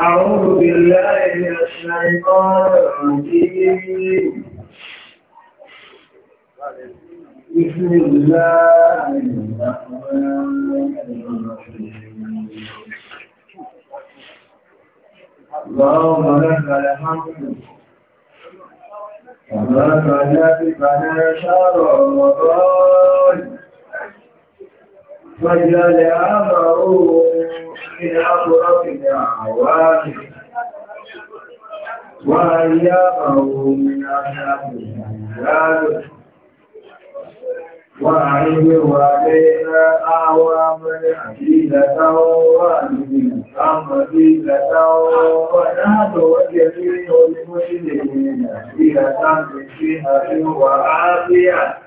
أعوذ بالله من الشيطان الرجيم بسم الله الرحمن الرحيم اللهم لك الحمد وما كان شر وضال فجعل أمره من أطرف الأعوام وأيامه من أحد الأجلال وأعيب علينا أعواما عزيزة وأمنا أمزيزة ونهد وجميع المسلمين فيها بصحة وعافية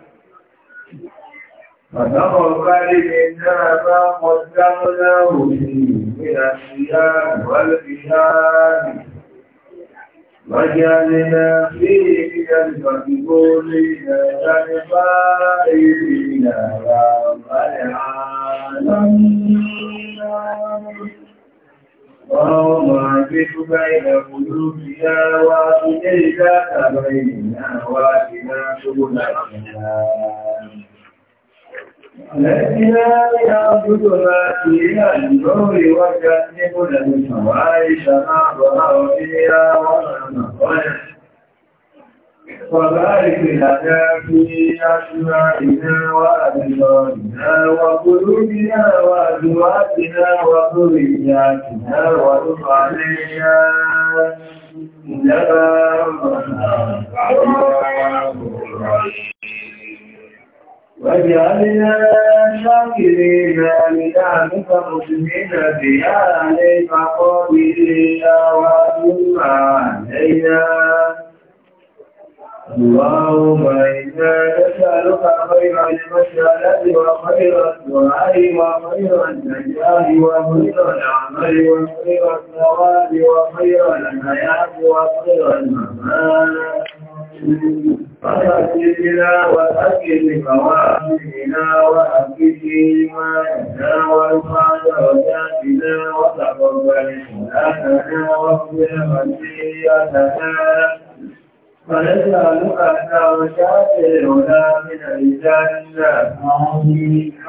فنقبل منا ما قدمناه في من الثياب والبهاد وجعلنا فيه من المقبولين والفائزين يا رب العالمين اللهم اعجب بين قلوبنا وافديك بيننا وافنا سبل السلام لكننا نعبدنا فيها النور وجنبنا الفواحش ما ظهر فيها وما بطن وبارك لنا في أسمائنا وأبصارنا وقلوبنا وأزواجنا وذرياتنا وتب علينا إنك أنت الغفور الرحيم واجعلنا شاكرين لنعمك مسلمين بها عليك قابلين وأتم علينا اللهم إنا نسألك خير المسألة وخير الدعاء وخير النجاح وخير العمل وخير الثواب وخير الحياة وخير الممات فأسجنا وأكل فواهدنا وأكل إيماننا وارفعنا وجاتنا وتقبل صلاتنا واغفر خطيئتنا فنسألك شاكرنا من الجنة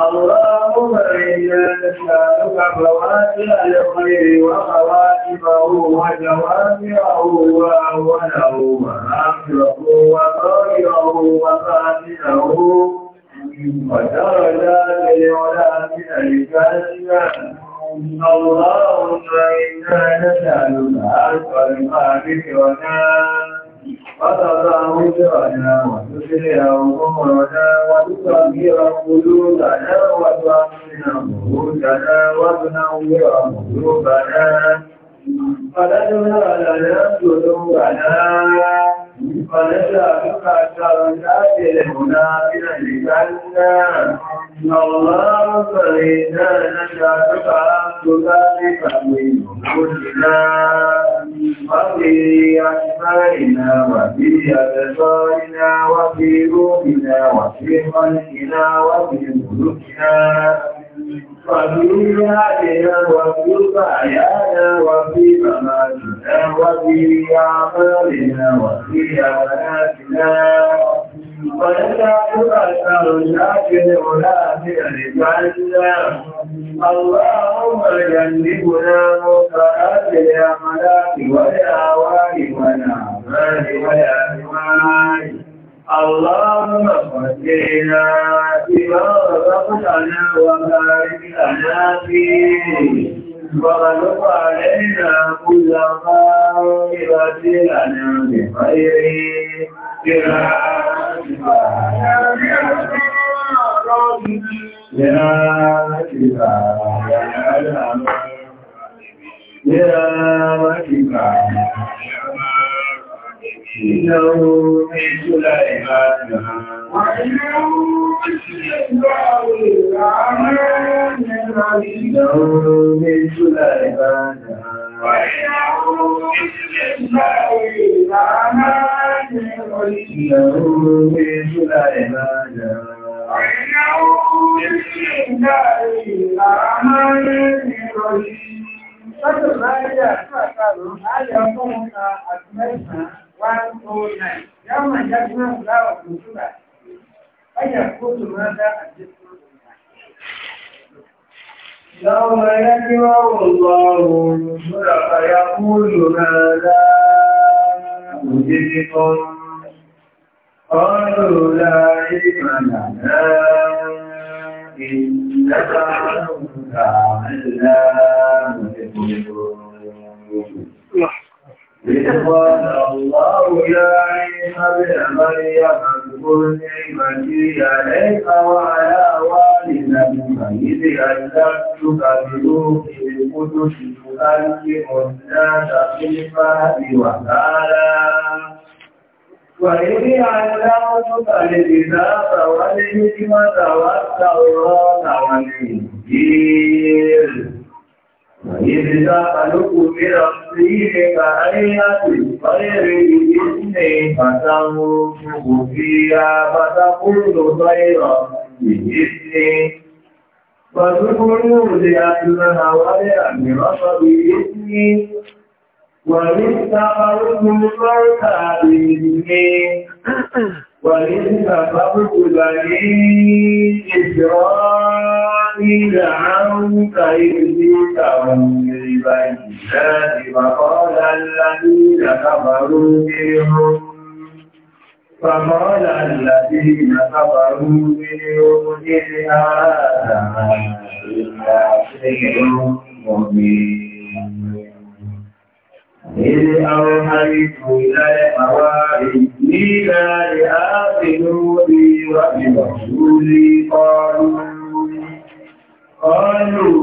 اللهم إنا نسألك فواتح الخير وخواتمه وجوامعه وأوله وآخره وظاهره وباطنه ودرجات العلا من الجنة اللهم إنا نسألك الطريق بك ونام وتضع وزرنا وتسرع ظهرنا وتصغر قلوبنا وتعصنا خروجنا وتنور قلوبنا فلدنا لا يسجد على فنشا بك شرنات لهنا من الجنة اللهم إنا نشأتك تذلك من كلنا وفي أسمائنا وفي أبصارنا وفي روحنا وفي خلقنا وفي ملوكنا وفي حالنا وفي ضعيانا وفي مماتنا وفي أعمالنا وفي أماناتنا ونسأل أثرنا في العلاه لجعلنا اللهم جنبنا مصرات الأملاك والأوائل والأعمال والأزواج اللهم فجينا بما رزقتنا وبارك لنا فيه وغلق علينا كل خائبة لنا بخير يا كفاية يا كفاية إنه من سليمان وإنه من سليمان وإنه من سليمان Thank you one oh nine yawma yajma'u Allahu al-wujuda فيقول ماذا الجسم يوم يجمع الله الرسل فيقول ماذا أجبتم قالوا لا علم لنا إنك أنت علام الغيوب رضوان الله يا عيسى ابن مريم اذكر نعمتي عليك وعلى والدتك اذ الزمتك بروح القدس تؤلم الناس في الفهم وسالا وإذ علمتك الكتاب والحكمة والتوراة والإنجيل إذ تخلق من الطين كهيئة الطير بإذنه فتنفخ فيها فتكون طيرا بإذنه فتكون لأنها ولأن رشا بإذنه ومن تخلق الموتى بإذنه وإن كفرت بني إسرائيل عنك إذ جئتهم بالبينات فقال الذين كفروا منهم فقال الذين كفروا منهم إن هذا إلا سحر مبين إذ أوحيت إلى حواريين لآمنوا بي وبرسولي قالوا قالوا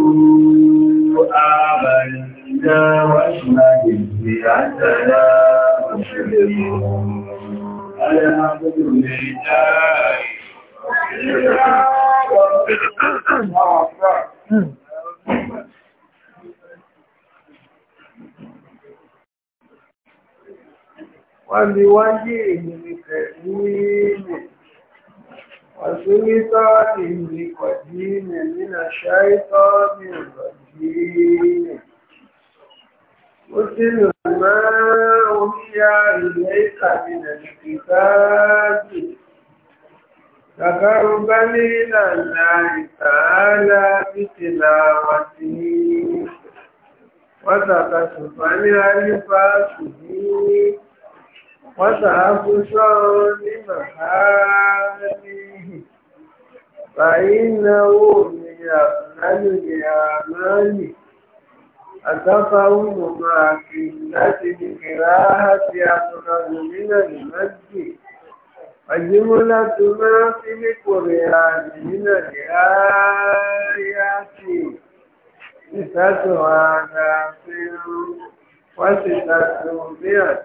آمنا واشهد بأننا مسلمون الحمد لله Thank you. وبوجه الكريم وسلطان القديم من الشيطان الرجيم قتل ما أوحي إليك من الكتاب تقرب إلى الله تعالى بتلاوته وتكشف عن ألفاظه وتعطش لمحامه فإنه من أفضل الأعمال أتفهم مع قلة القراءة أفضل من المجد وجملة ما في القرآن من الآيات ستة آلاف وستة مئة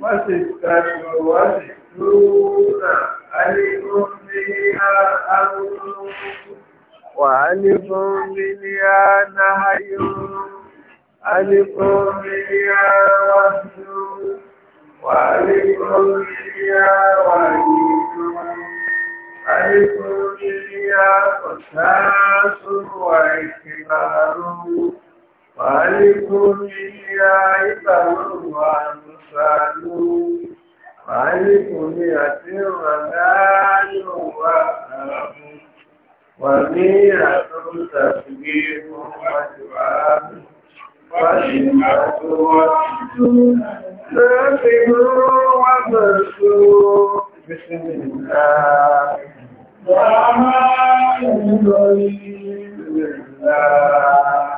wọ́n sì kàṣọ wọ́n sì lóòrà alẹ́kùnrinlá arúgbó wà alẹ́kùnrinlá náhayó alẹ́kùnrinlá wájú wà alẹ́kùnrinlá wájú alẹ́kùnrinlá ọ̀sáàtò wà ìkìlá arúgbó. وعليكم يا إبن وأمثال وعليكم يا سرمان وأب وميرة تسبيح ودعاء وشمة وسجود نافذ ومسجود بسم الله الرحمن الرحيم بسم الله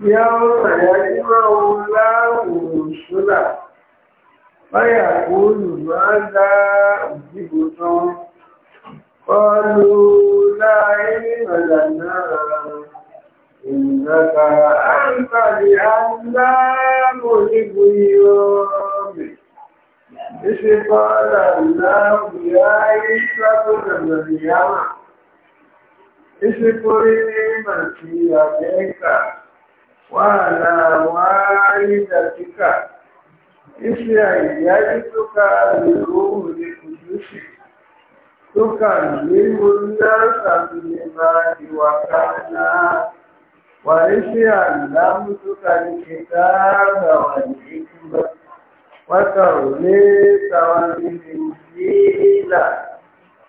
يوم يجمع الله رسله فيقول ماذا أجبتم قالوا لا علم لنا إنك أنت لأعلام الغيوم إذ قال الله يا عيسى ابن مريم إذ قل لمسيحك وعلى والدتك إسرع يدك بروح القدس تكلم الناس بما وكانا وإذ علمتك الكتاب والحكمة وتوليت والإنجيل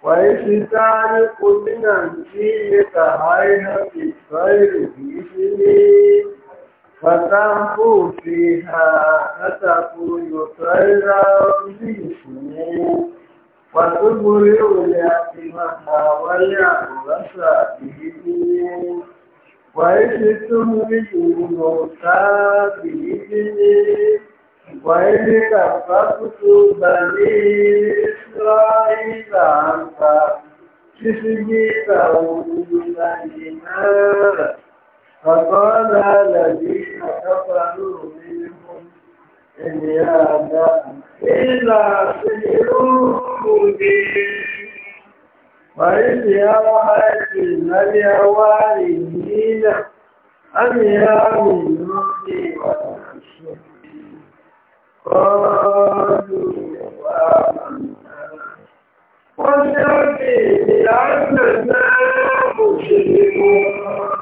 وإذ تعرف من الجيل كهيئة الطير بإذنه فتنفوا فيها فتكون خيرا بإذنه وتبرئ اليتيمها واليأس بإذنه وإذ تمرج الموتى بإذنه وإذ كففت بني إسرائيل عنك إذ جئتهم بالنار ata ọ na-ada da-ei atapụ nụeụ enaya i na-atụeụụụ leei ma ịna ya waae narịwarieya anyịya ahụn'dea ọụnwande adiamee bụdeo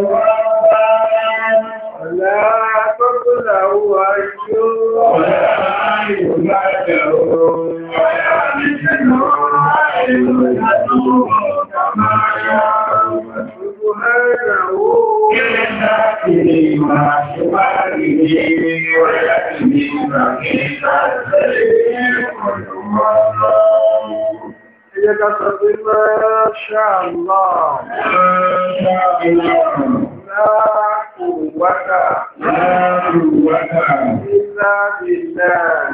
Ọ̀lá tọ́kùnlá wà ṣó. Ọ̀lá ìlú máa jẹ́ ooo. Ọ̀lá mi ṣe mọ́ ìlú ìdájọ́ máa yá. Gbogbo ẹ̀rẹ̀ ooo. Kí lè dá kiri máa ṣe wá kiri ọ̀lá kiri máa kiri sáà tẹ̀lé ọ̀dọ̀ wọn lọ yẹ ká sọ pé Masha Allah láàrùwátà láàrùwátà ìlàbìlà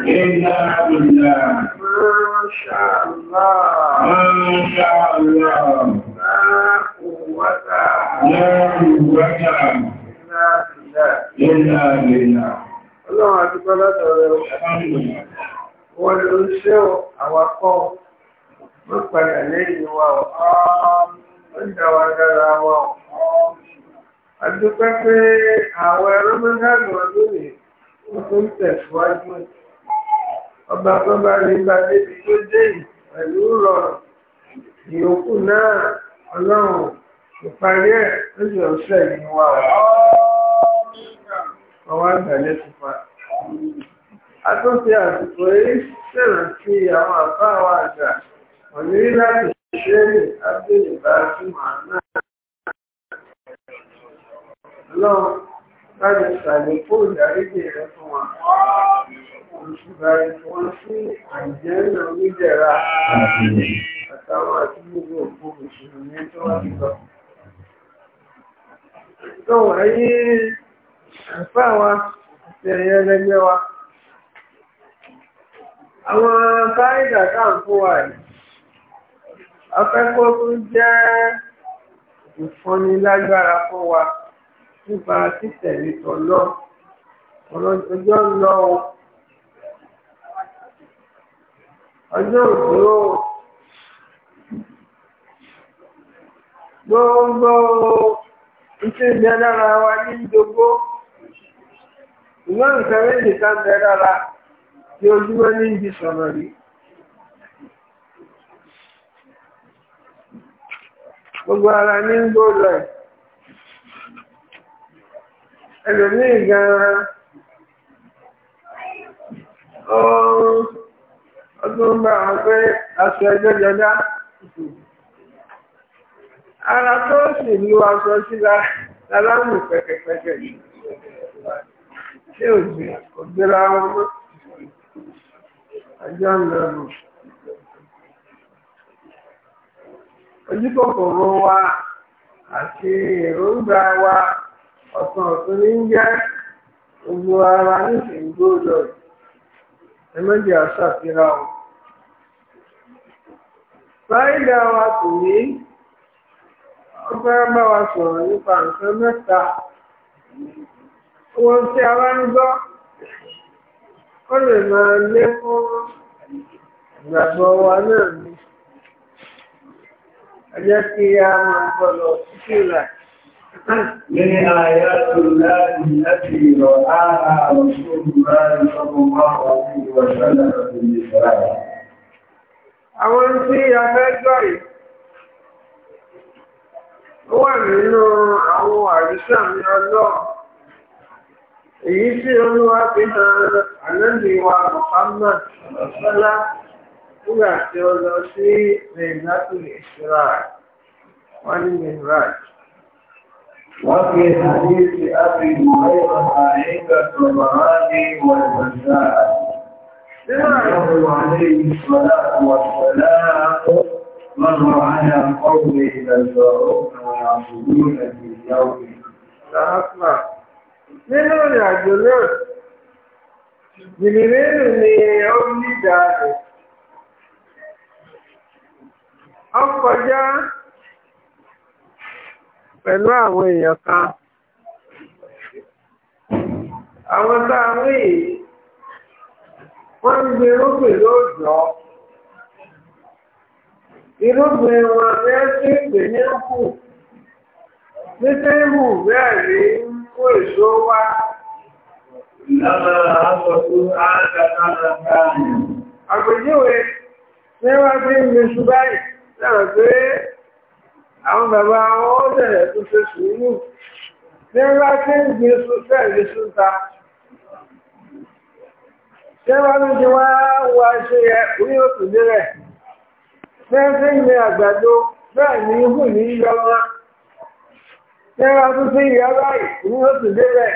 ìlàbìlà Masha Allah Masha Allah láàrùwátà láàrùwátà ìlàbìlà ìlàbìlà Ọlọ́run àti Bọ́lá tọrẹ wọ́n ló ṣe àwọn akọ́ wọ́n padà lẹ́yìn wa ọ̀ um, ọ́n dá wa dára wa ọ̀ um, àdúpẹ́ pé àwọn ẹ̀rọ mẹ́tàlù ọdún rè wọ́n tó ń tẹ̀síwájú ọba tó bá rí bá débi tó dé pẹ̀lú rọrùn ìyókù náà ọlọ́run ìparí ẹ̀ lójú ọ̀sẹ̀ yìí wà ọ́ ọwọ́ àgbàlẹ̀ pupa. a tún fi àsìkò yìí ṣèrántí àwọn àbá àwọn àgbà. Ọ̀ní láti ṣe àti ìbájúmọ̀ náà. Ọlọ́run láti ṣàlékò ìdáríjì rẹ̀ fún wa. Òṣùbàrí fún wọn sí àìjẹ́ náà níjẹ̀ra àtàwọn àti gbogbo òkú ìṣòro tó wá lọ. Tó wáyé àfáà wa àti ẹ̀yẹ Àwọn káyìdà táà ń fún wa yìí afẹ́kọ́ tún jẹ́ ìfúnnilágbára fún wa nípa títẹ̀lé tọ́lọ́ ọjọ́ ń lọ ọjọ́ òdúró gbogbo iṣẹ́ ìjẹ́ lára wa ní ìdógó ìwọ́n nǹkan méjì kan bẹ lára tí ojúmọ́ ní ìdí sọ̀rọ̀ yìí. gbogbo ara ní gbòòlò ẹ̀ ẹlòmíì gan-an ọdún bá wọn pé aṣọ ẹjọ́ jọjá ara tó sì lu aṣọ síra lálámù pẹ̀kẹ̀pẹ̀kẹ̀ ṣé òjì òjìra wọn mọ́ ọjọ́ ńlọrọ̀. ojúkòkòrò wa àti èròǹgbà wa ọ̀sán ọtụtụ ní jẹ́ gbogbo ara nísìnyí gbọ́dọ̀ ẹ méjì àṣàfihàn o. Fáìdà wa kò ní wọ́n bá wa sọ̀rọ̀ nípa nǹkan mẹ́ta. tí a ń gbọ́, ó lè máa ọjọ́ tí a máa gbọ́lọ̀ títí ìlà. Ní àyá tó láti láti rọ̀ ara Àwọn tí a fẹ́ gbọ́ yìí, ó wà nínú àwọn àríṣà ní ọlọ́run. Èyí tí olúwa fi hàn àlẹ́lẹ́wà Muhammad Sọ́lá nígbà tí ó lọ sí mẹ́rìndínláàtì ìṣúra wọ́n ní mẹ́rìndínláàtì. وفي حديث أبي هريرة عند الطبراني والبزار أنه عليه الصلاة والسلام مر على قوم يزرعون ويعبدون في يوم لا أسمع nínú ìrìnàjò náà jìnnìrẹ́rù ni ó ń nídàá rẹ̀ ọkọjá pẹ̀lú àwọn èèyàn kan àwọn tá a rí wọ́n ń gbé irúgbìn lóòjọ́ irúgbìn wọn bẹ́ẹ̀ sí ìpè ní kù ní sẹ́yìnbù bẹ́ẹ̀ rí kó èso wá. Lábára aṣọ́kú ágàtà náà káàyè. Àpèjúwe ní wọ́n fi ń gbèsù báyìí. dáhùn pé àwọn bàbá wọn ó bẹ̀rẹ̀ tó ṣe sùúrù ní ńlá tí ń gbé sọ́sẹ́ẹ̀lì súnta ṣé wọ́n ní ti wá wá ṣe yẹ orí òkú nílẹ̀ ṣé ń fi àgbàdo bẹ́ẹ̀ ni ihu ní yọ wọn ṣé wọ́n tún fi ìyá báyìí orí nílẹ̀.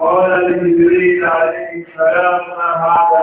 قال عليه السلام هذا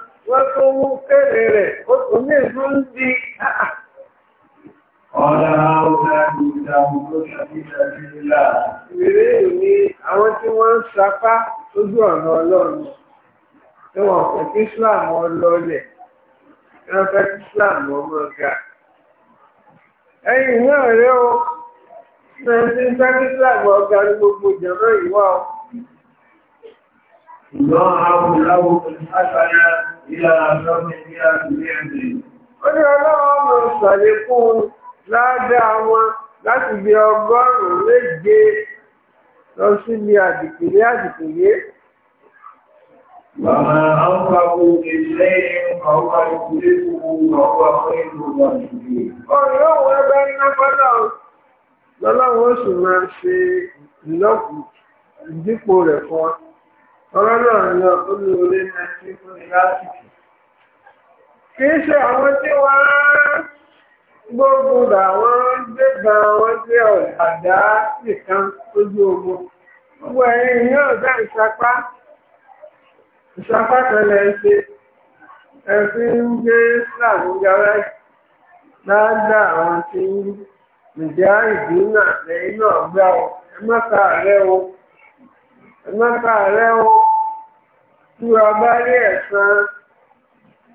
wọ́n tó mú kẹ́rẹ̀ rẹ̀ omi ìlú ń di ọ̀dá ọ̀dá ìgbà ọmọ ìṣàkíṣàkíṣà ìrè ní àwọn tí wọ́n ń sapá lójú ọ̀nà ọlọ́run tí wọ́n fẹ́ kí Islam ọlọ́lẹ̀ tí wọ́n fẹ́ kí Islam ọmọ Ọdún ọlọ́run mọ̀ ìṣàlékún ládàá wọn láti bí ọgọ́rùn-ún méje lọ síbi àdìpìlé àdìpìlé. Bàbá Áwùkàwò ilẹ̀ ọwọ́ ìpínlẹ̀ gbogbo ọwọ́ fún ìlú wọn ìdí. Ọ̀rọ̀ òun ẹgbẹ́ iná fọ́lá lọ́lọ́run ó sì máa ṣe ìlọ́kù ìdípò rẹ̀ fún wa. ọlọ́rọ̀ ni olóore náà ti fún mi lásìkò kìí ṣe àwọn tí wá gbógun dà wọ́n wọn gbé ọ̀dà nìkan lójú ogun gbogbo ẹ̀yìn ìsapá ìsapá ṣe ń gbé láàdá àwọn tí ìdúnà lẹ́yìn náà gbá ọ o tí a bá rí ẹ̀san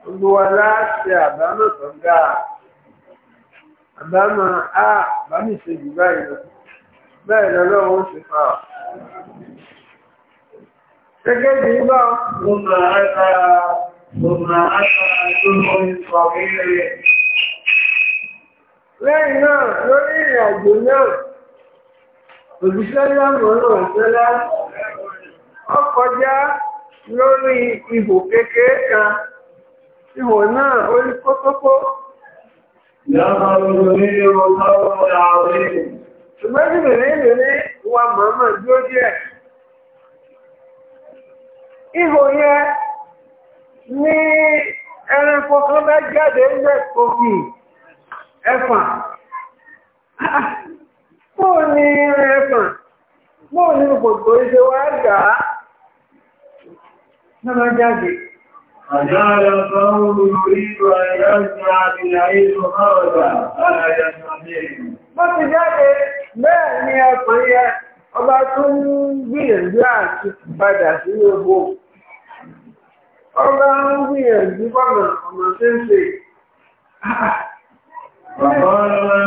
gbogbo wa láti àbámọ̀ tó ga àbámọ̀ a àbámọ̀ ìṣèjì báyìí lọ bẹ́ẹ̀ lọ́lọ́wọ́ ṣe fà ọ́. Gẹ́gẹ́ bí i bá mo máa ń ta mo máa ń ta tó mọ ìfọ̀ rírẹ̀. Lẹ́yìn náà lórí ìrìn àjò náà, òbíṣẹ́ lámọ̀ náà ṣẹlá, ọkọjá lórí ihò kékeré kan ihò náà orí kótópó ṣùgbọ́n ní bèèrè ní wa mọ̀ọ́mọ̀ bí ó jẹ́ ihò yẹn ní ẹranko kan bá jáde ń bẹ̀ òkè ẹ̀fà mọ́ ní ẹ̀fà mọ́ ní gbogbo ìṣẹ́wà gàá náà jáde. Àjára fáwọn olùrírò àyájá àbìlẹ̀ ìlú ọ̀rọ̀dà àyájá Wọ́n ti jáde bẹ́ẹ̀ ni ẹkùn yẹ ọba tó ń gbìyànjú àti padà sí ogbò. Ọba ń gbìyànjú bọ́nà ọmọ sẹ́sẹ̀. Bàbá ọlọ́run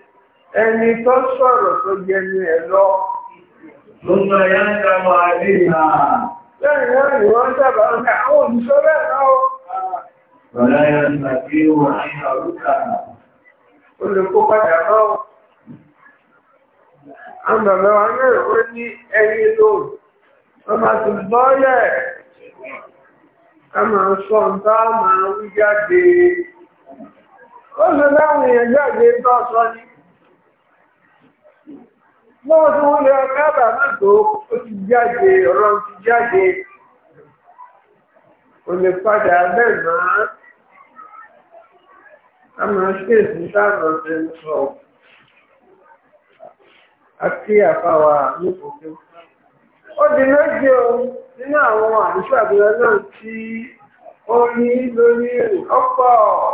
ẹni tó sọ̀rọ̀ tó jẹnu ya ń dámọ̀ àrí náà. Lẹ́yìn náà ni wọ́n sábà ń ká àwọn òṣìṣọ́ bẹ́ẹ̀ náà. ya ń tàbí Àwọn náà Wọ́n ń lọ́ọ̀dún ó yẹ kábà ó ti jáde ọ̀rọ̀ ti jáde kò padà bẹ́ẹ̀ a máa ṣèṣì sáànà ṣe sọ àti àfàwà nípòkè. ó di nínú àwọn àdúgbò náà tí ó ní lórí ọ̀pọ̀.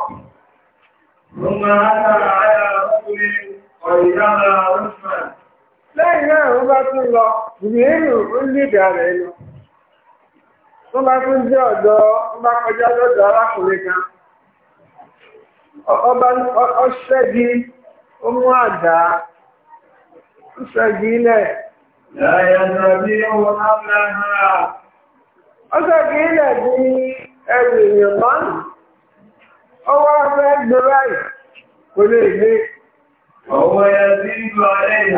mo máa ń tàrà ara ọkùnrin lẹ́yìn náà wọ́n bá tún lọ ìrìnrìn ó ní ìdàrẹ̀ lọ wọ́n bá tún jẹ́ ọ̀dọ́ wọ́n kọjá lọ́dọ̀ arákùnrin kan ọba ọṣẹ́gi ó mú àdá ọṣẹ́gi ilẹ̀ ọṣẹ́gi ilẹ̀ bí ẹrù èèyàn márùn ọwọ́ kò lè gbé ọwọ́ ìlú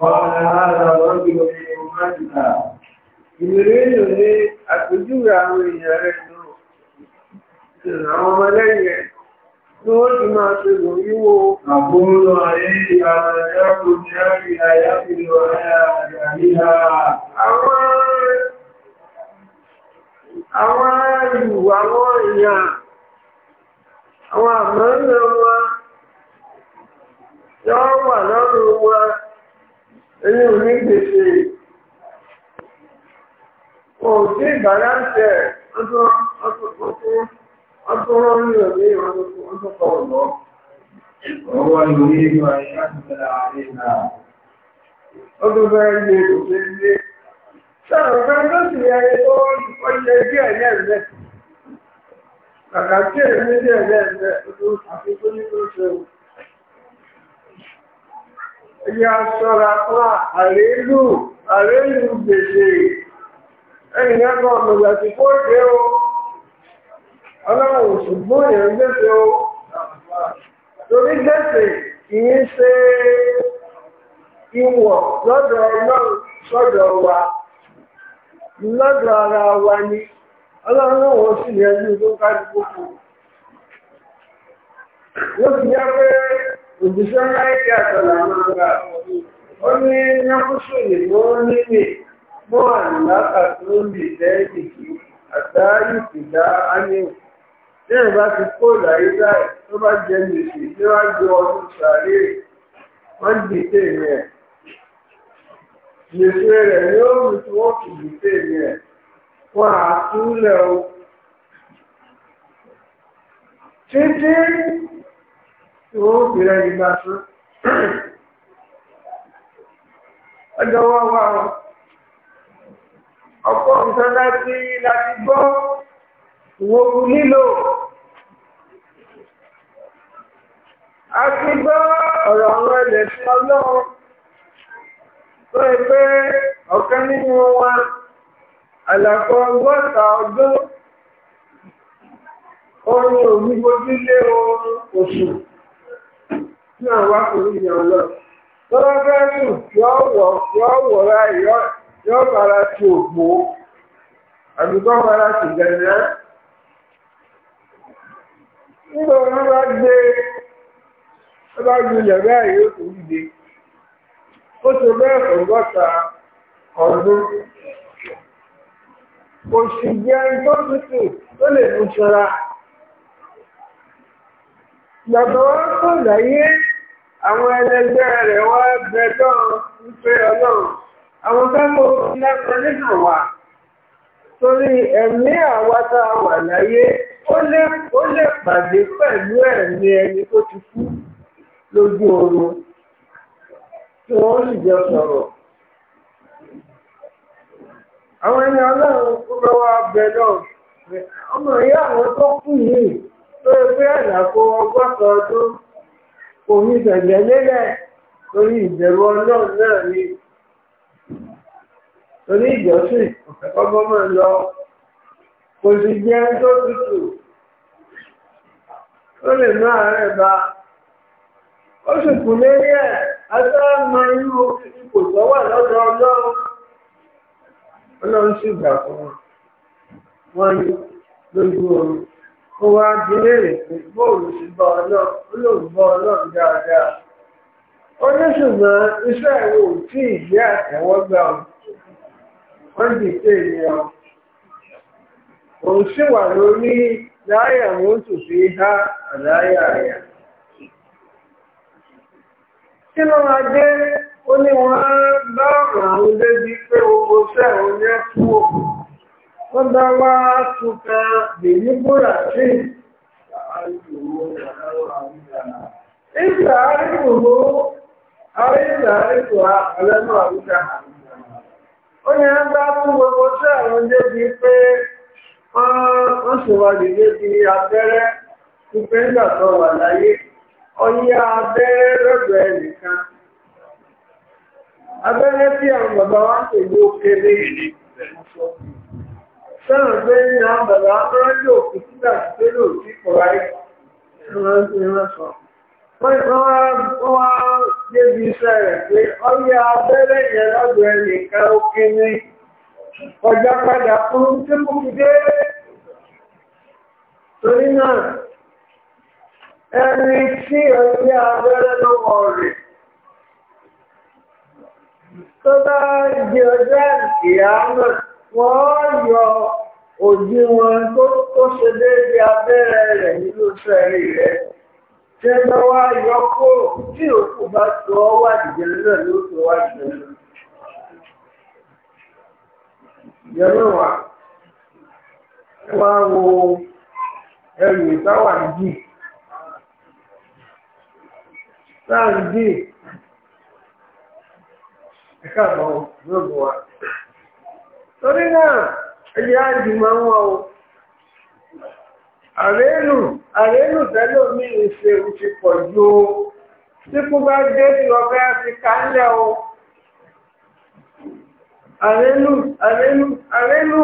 قال هذا الرجل من أمتنا ìrírí ní àpèjúwe àwọn èèyàn rẹ̀ náà àwọn ọmọlẹ́yìn tí wọ́n ti máa ṣe lò wíwò àbúrò ayé àyàkò ní àrí àyàkìlò àwọn àwọn èèyàn àwọn àmọ́ èyí ò ní gbèsè kò sí ìbàláńsẹ̀ ọdún ọdún ní òní ọdún kọ ọ̀lọ́. Ọwọ́ ìwé ìwà ìyáàtúnṣẹ́lá àríyànà. Ọdún bẹ́ẹ̀ ní ètò tó ń lé. Sáàrùn kan tó sì yẹ tó ọjọ́ ẹgbẹ́ ẹ̀yẹ́ rẹ̀. Kàkà tí èmi ní ẹ̀yẹ́ rẹ̀ tó àfikún ní ló ṣe òkú. ya ṣọ́ra fún àrélù ìlú gbèsè ẹni lẹ́gbọ́n ọ̀nà ti kó o ọlọ́run ṣùgbọ́n èèyàn gbèsè o torí gbèsè kìí ṣe ìwọ̀ lọ́dọ̀ ọlọ́run sọ́dọ̀ wa lọ́dọ̀ ara wa ni ọlọ́run sì ní ìlú òjíṣẹ́ láìkí àtọ̀là máa gbà ó ní nákúṣù nìbó nílé mọ́ àníláta tó ń lè lẹ́yìn ìdí àtàáyù ìdá ánìwò tí ẹ̀ bá ti kó ìlàyé láì tó bá jẹ gbèsè níwájú ọdún sàárè wọ́n dìtẹ̀ rẹ̀ gbèsè rẹ̀ ni ó mú tí wọ́n fi dìtẹ̀ rẹ̀ wọ́n àtúnlẹ̀ o títí tí ó fi rẹ̀ ìgbà tán ọjọ́ wà wo nílò a ti gbọ́ ọ̀rọ̀ àwọn ẹlẹ́sìn ọlọ́run tó sọ pé ọkẹ nínú wa àlàkọ ọgọ́ta ọdún orin òní gbójúlé oorun oṣù. tí à ń wá lọ. Lọ́wọ́ fẹ́ sùn yóò wọ̀ yóò wọ̀ láì yóò fara ti Àdúgbò fara ti gànà. Nígbà wọn bá gbé wọn bá gbulẹ̀ yóò tó dìde. Ó ṣe bẹ́ẹ̀ fọ̀gọ́ta ọdún. Kò jẹ́ tó tútù tó lè mú ṣọra. Bàbá wa kọ̀ láyé. àwọn ẹlẹgbẹ́ rẹ̀ wá bẹ̀dọ̀ ń pé ọlọ́run àwọn kẹ́kọ̀ọ́ lẹ́kọ̀ọ́ nínú wa torí ẹ̀mí àwa tá a wà láyé ó lè pàdé pẹ̀lú ẹ̀mí ẹni tó ti kú lójú oorun tí wọ́n sì jọ sọ̀rọ̀. àwọn ẹni ọlọ́run lọ wá ọmọ ìyá àwọn tó kù omi gbẹ̀gbẹ̀ lélẹ̀ torí ìbẹ̀rù ọlọ́run náà ni torí ìjọsìn ọ̀fẹ́kọ́gbọ́ máa lọ kò sì jẹ́ tó tutù ó lè máa rẹ̀ bá ó sì kù lérí ẹ̀ agbára inú ipò tó wà lọ́dọ̀ ọlọ́run ọlọ́run sì gbà fún wọn mo wá bí léèrè pé bóòlù ti bá ọlọ́run ó lòun bá ọlọ́run dáadáa ó ní ṣùgbọ́n iṣẹ́ ìwò tí ìgbé àtẹ́wọ́gbà wọ́n ti pé ènìyàn òun sì wà lórí láyà mo ń tù há àláyà àyà. kí ló máa dé ó ní wọn bá ọ̀ràn òun débi pé gbogbo sẹ́wọ̀n ní ẹ̀kú صلواتك بنبرة إن تعرفه أو إن تعرفها على ما وجهها Onye ẹgbẹ́ àtúgbò ọmọ tí àwọn débi pé wọ́n ṣèwádìí débi abẹ́rẹ́ ti pé ń gbàtọ̀ wà láyé, ọyá abẹ́rẹ́ Abẹ́rẹ́ tí àwọn bàbá wá ń pè ní sáwọn gbé ní àwọn bàbá rọ́jò òkú sígbà tó lò sí kọ̀ráì wọ́n wá débi iṣẹ́ rẹ̀ pé ọyá abẹ́rẹ́ yẹn lọ́dọ̀ ẹnìkan ó kí ní ọjà padà fún tí kò fi dé torí náà ẹni tí ọyá abẹ́rẹ́ lọ́wọ́ rẹ̀ tó bá di ọjọ́ ìyá náà wọ́n yọ òdiwọ̀n tó ṣe déédé abẹ́rẹ́ rẹ̀ nínú sẹ́rí rẹ̀ ṣe bá wá yọkó tí òkú bá tọ́ wà dìde náà ló tó wà dìde náà. yẹnu wa wá wo ẹrù ìtawà dì sáà dì ẹ̀ka àbọ̀ lóògùn wa. torí náà. ẹjẹ́ àjì máa ń wọ́ o àrénù àrénù tẹ́lẹ̀ mi ń ṣe pọ̀ ju o tí kú bá dé sí ọbẹ̀ ti kálẹ̀ o àrénù àrénù àrénù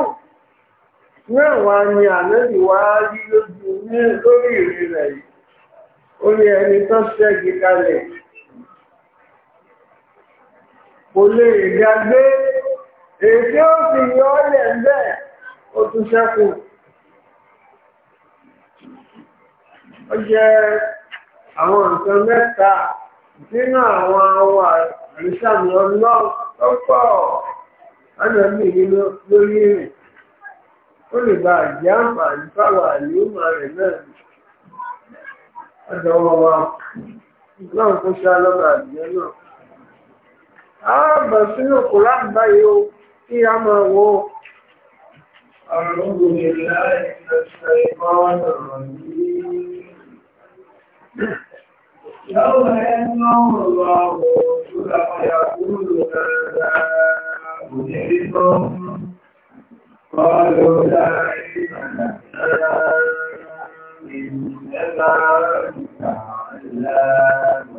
náà wá ní ànábì wá rí lójú ní lórí ìrìn rẹ̀ yìí ó ní ẹni tó ṣẹ́gi kalẹ̀ kò lè èyí tí ó sì yọ ọ́lẹ̀ ń bẹ́ẹ̀ ó tún ṣẹ́kù ó jẹ́ àwọn nǹkan mẹ́ta nínú àwọn àwọn àrísàmì ọlọ́run tó pọ̀ ánàbí yìí lórí rìn ó lè bá àjẹ́ àǹfààní fáwọn àlùmọ̀ rẹ̀ náà wọn tó àjẹ́ kí a máa wo. أعوذ بالله من الشيطان الرجيم يوم يسمع الله الرسل فيقول ماذا أجبتم قالوا لا علم لنا إنما أنت علام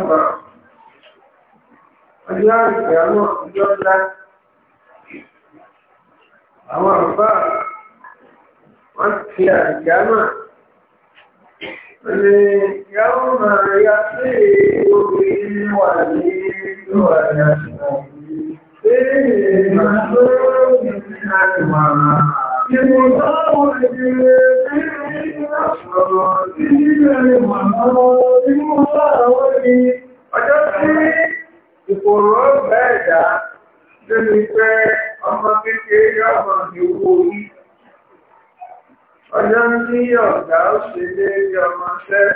الغيوب ọjọ́ àgbẹ̀ àwọn ọjọ́ ńlá àwọn àbá wọ́n ti àjàmà Ẹni yàwó máa yá sí obìnrin wà ní ìlú àyà Ẹni máa lọ́rọ̀ ní àjùmà Ìmọ̀lá òṣèrè ní ọ̀sọ̀rọ̀ sí ilẹ̀ màmá ọjọ́ tí ìfòrò bẹ́ẹ̀ dá lórí pé ọmọ kékeré yọ̀mọ̀ ìwò orí. Ọjọ́ tí ọ̀gá ó ṣe lérí ọmọṣẹ́,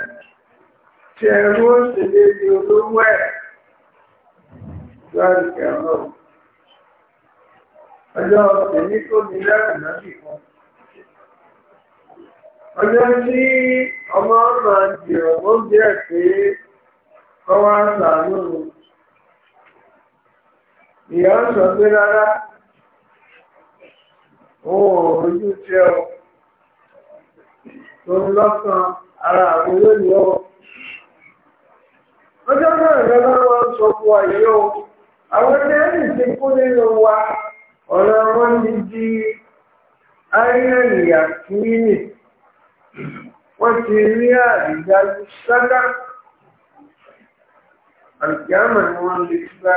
tí ẹrú ó ṣe lérí olówó ẹ̀ lórí ẹ̀rọ. Ọjọ́ tó ní lẹ́rù lọ́dì kan. Ọjọ́ tí ọmọ ọmọ àjẹ̀rọ̀ ó jẹ́ pé ọwọ́ àṣà ìyá ń sọ pé rárá òun ojú tẹ ọ tó lọ́kàn ara àwọn olóyìn ọ. ọjọ́ náà lọ́wọ́ wọn sọ fún ayẹyẹ o àwọn ẹni ti kú nínú wa ọ̀rọ̀ wọn ti di áyẹ̀nìyà kìíní wọ́n ti rí àrídájú ni lè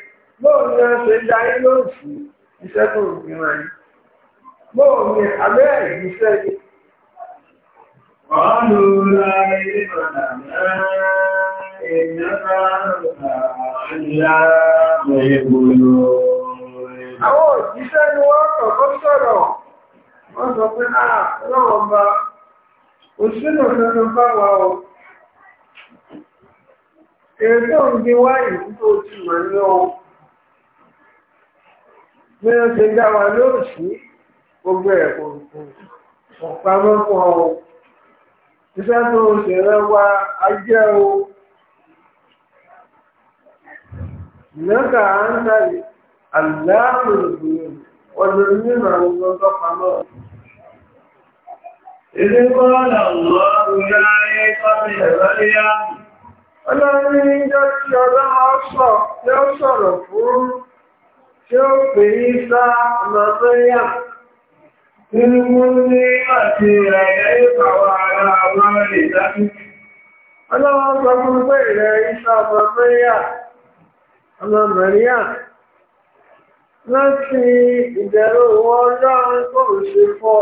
bóò Àwọn òjíṣẹ́ ni wọ́n kọ̀kọ́ sọ̀rọ̀. Wọ́n sọ pé náà lọ́wọ́ bá òṣìṣẹ́ tuntun bá wà ó. Èrè tó ń gbé wáyé tó ti mọ̀ ní ọ̀hún. bí ṣe dá wa lóòsì gbogbo ẹ̀ kò kò o iṣẹ́ tó o ṣe rẹ wá ajé o lẹ́ka ń tàyè àláàmù ọdún nínú àwọn pamọ́. kọ́lá ọ̀rọ̀ fún tí ó pè ní sá àmàmọ́yà nínú ní àti ẹ̀yẹ ìpàwà ara àwọn ìdájú. Ọlọ́wọ́n sọ fún pé ìrẹ̀ ìsá àmàmọ́yà, àmàmọ́yà, láti ìdẹ̀rọ wọn láàrín kò ṣe fọ́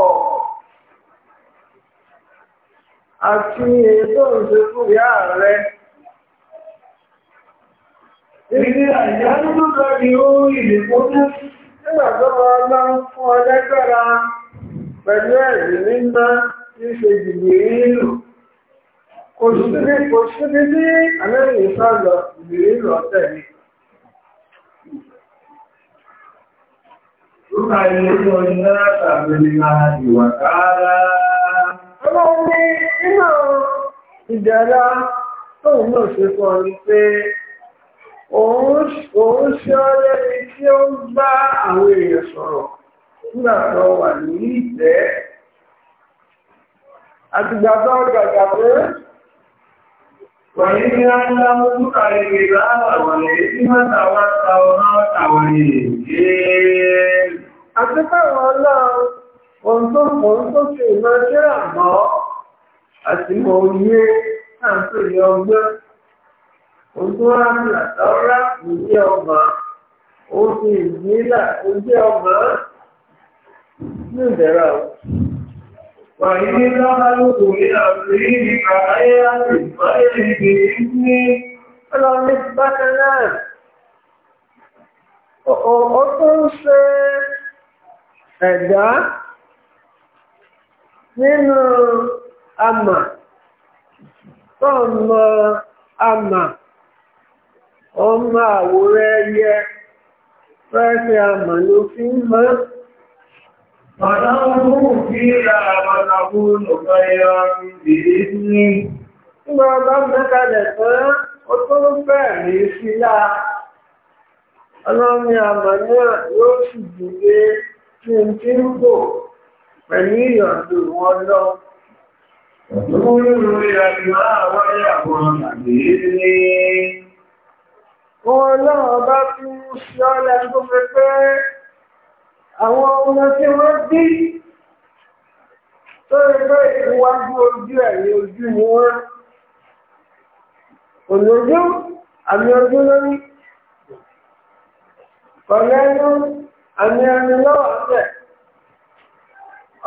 àti èdò ìṣẹ́kù yà rẹ̀. Ìdí àìyánúmọ́ lọ ni ó ìlè fóná, nígbàtọ́wọ́ ọlá ń fún ọlẹ́gbẹ̀ra pẹ̀lú ẹ̀rì nígbà tí ṣe jìgbì ìlú. Kò síbí ní àmẹ́rin ìsọ́lọ̀ ìlú ọ̀tẹ̀ ni. Rúkà ilé tó ní náà òun ṣe ọlẹ́ni tí ó ń bá àwọn èèyàn sọ̀rọ̀ nígbà tó wà ní ìtẹ́ àtìgbà tó gbàgbà pé wọ̀nyí ní ńlá mú kàrí ìgbà àwọ̀lẹ̀ tí wọ́n tàwà tàwọn tàwọn ojúwàmìlà lọ́rá ìdí ọmọ oṣù ìdílà ojú ọmọ ní ìdẹ̀rà o. Wàyí lọ́wọ́ lóko ní àbúrí nípa ayé láti ìfọ́lé ìdè ní ọlọ́run bákan náà. Ó tún ṣe ẹ̀dá nínú àmà tó àmà ọmọ àwòrán ẹyẹ fẹ́ẹ̀fẹ́ àmà ló fi ń mọ́ ọ̀nà òun fi lára ọ̀nà òun yóò sì dìde tí n ti ń bò pẹ̀lú ìyọ̀dù wọn lọ Olúrú ìrìnàjò máa wáyé àwọn àgbègbè Wọ́n náà bá fi ń ṣọ́lẹ̀ tó fi pé àwọn ọmọ tí wọ́n bí tó rí pé ìwájú ojú ẹ̀yìn ojú ni wọ́n. Òlójú àmì ojú lórí. Ọ̀lẹ́nu àmì ẹni lọ́wọ́ ọ̀sẹ̀.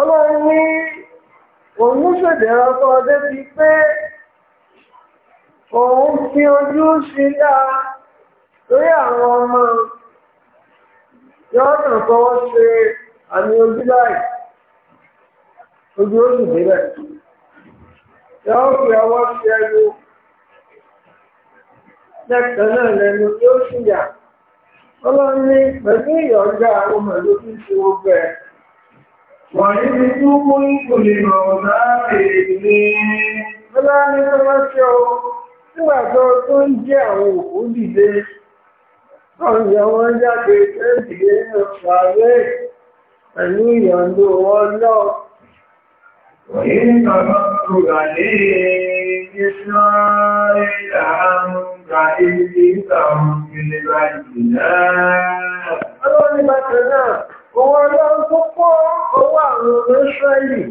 Ọlọ́run ní òun ṣèdèrè ọkọ̀ ọdẹ́ ti pé òun fi ojú sí dáa. torí àwọn ọmọ yóò kàn fọwọ́ ṣe àmì ojú ojú oṣù délẹ̀ yóò fi ọwọ́ ṣe ẹnu lẹ́kàn náà lẹ́nu yóò sì yà ọlọ́run ní pẹ̀lú ìyọ̀ǹda àwọn mọ̀lú tí ń ṣe gbogbo ẹ̀. wàyí ti tún mú ìkòlè ọ̀rọ̀ láàbèèrè ní ọlọ́run ní ọ nígbà tó tó ń jẹ́ àwọn òkú dìde ọ̀yọ̀ wọn jáde tẹ́ǹtì nínú sàárẹ̀ pẹ̀lú ìyọ̀ndó wọn náà. Òyí nìkanà tó rà ní Ìṣọ́rẹ́lá ń ra ilé ìtàwọn ìlera ìjìnlá. Ọlọ́ni bákan náà, owó ọlọ́run tó pọ̀ owó àwọn Ísírẹ́lì,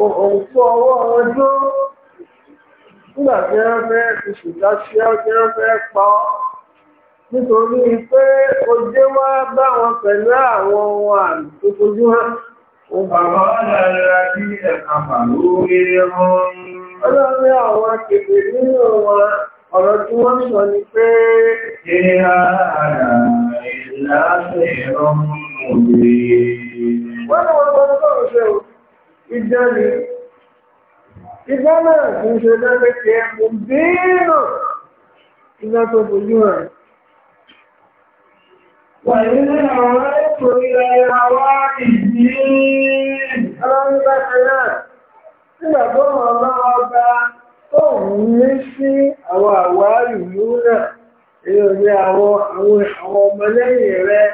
òun fún ọwọ́ ọjọ́. Nígbà tí wọ́n fẹ́ fi ṣùgbọ́n sí ọjọ́ fẹ́ pa ọ́ nítorí pé ojé wá bá wọn pẹ̀lú àwọn ohun àmì tó fojú hàn. Ó bàbá lára bí ẹ̀kàfà lórí wọn. Ọlọ́run àwọn kèfè nínú wọn ọ̀rọ̀ tí wọ́n sọ ni pé ṣe ara ìlàṣẹ̀ ọmọ òde. Wọ́n ní wọ́n gbọ́dọ̀ sọ̀rọ̀ ṣe o, ìjọ ni. Ìgbà náà kì í ṣe lọ́lẹ́kẹ̀ẹ́ mú bínú. Ìgbà tó fojú hàn. وإن عرضت إلى الحوادثين أنبتنا àwọn ọmọ lẹ́yìn rẹ̀,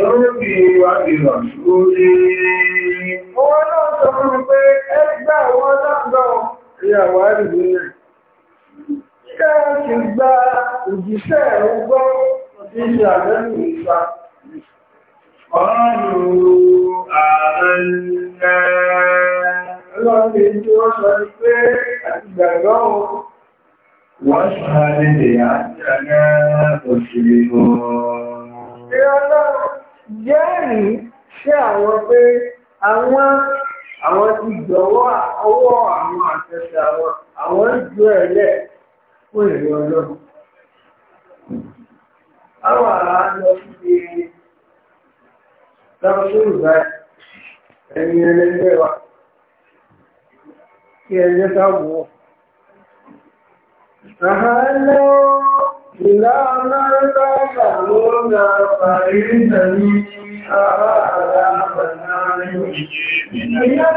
lórí ìwà Wọ́n náà sọ fún pé ẹgbẹ́ àwọn ìyàwó kẹ́ẹ̀kì gba òjíṣẹ́ ọgbọ́ ìṣẹ́ àgbẹ́lú ìfà. Ọlọ́rùn-ún àrẹ́lẹ́ ọlọ́rin tí àwọn pé àwọn ti gbọ́wọ́ ọwọ́ àwọn àtẹ́sẹ̀ àwọn ìjọ ẹ̀lẹ́ fún èrè ọlọ́run. Àwọn àrà lọ sí lọ́wọ́ tó rù báyìí, ẹ̀yìn ẹlẹ́gbẹ́ wa, kí ẹjẹ́ ká wọ́. Àhálẹ́ ìlà Amẹ́ríkà àwọn ọ̀gá àpàrí ìtàní àgbà àpàdà ndị Ìyá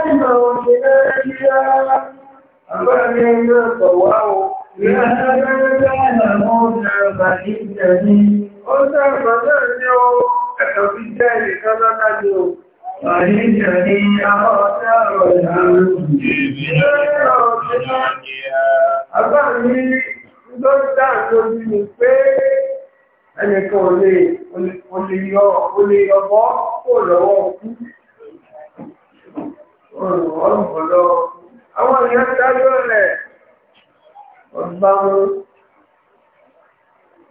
Ìyá ẹgbẹ́ ẹ̀rọ ọ̀nà àbàlì àwọn ọ̀tẹ́ dájọ́ rẹ̀ ọba wọn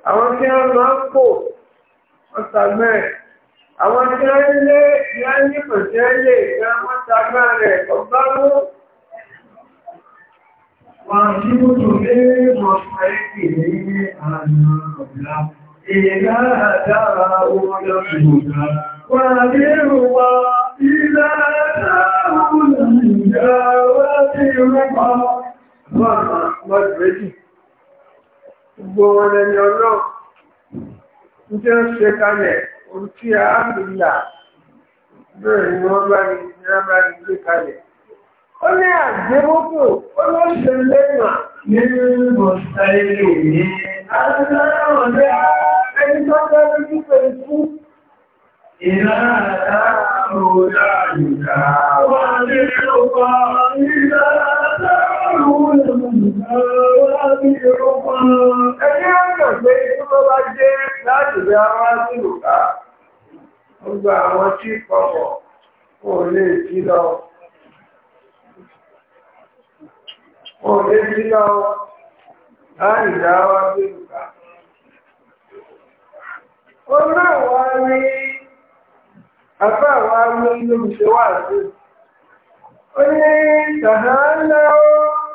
àwọn tí wọ́n máa ń pò ọ̀tà mẹ́rin àwọn tí wọ́n lé ìyáyí pẹ̀sẹ̀ lè ga wọ́n ta mẹ́rin ọba wọn wọ́n tí ó tó lé mọ̀fẹ́ ìlé ní àná ọ̀gá ìlà àdára owó lọ́pùpù wọ́n rí rúwa ìlà àdára owó lọ́pùpù wọ́n rí rúwa Ahmed Redi gbogbo wọn lẹni ọlọ́run ní tí wọ́n ṣe kalẹ̀ ohun tí a á fi là bẹ́ẹ̀ ni wọ́n bá ní ní wọ́n bá ní gbé kalẹ̀. ó ní àgbémọ́tò olóṣèlú lẹ́yìn nínú ìbọ̀sà ilé mi. àtúntò náà ní ẹni tó bá ní kíkọ́ ikú. ìlànà àwọn ọ̀dà àyùká wà nínú ọgbà ìlànà. Gbogbo àwọn tí pọ̀pọ̀ kò lè jí lọ. Kò lè Ó náà wá inú ìṣẹ́wà sí. Ó ní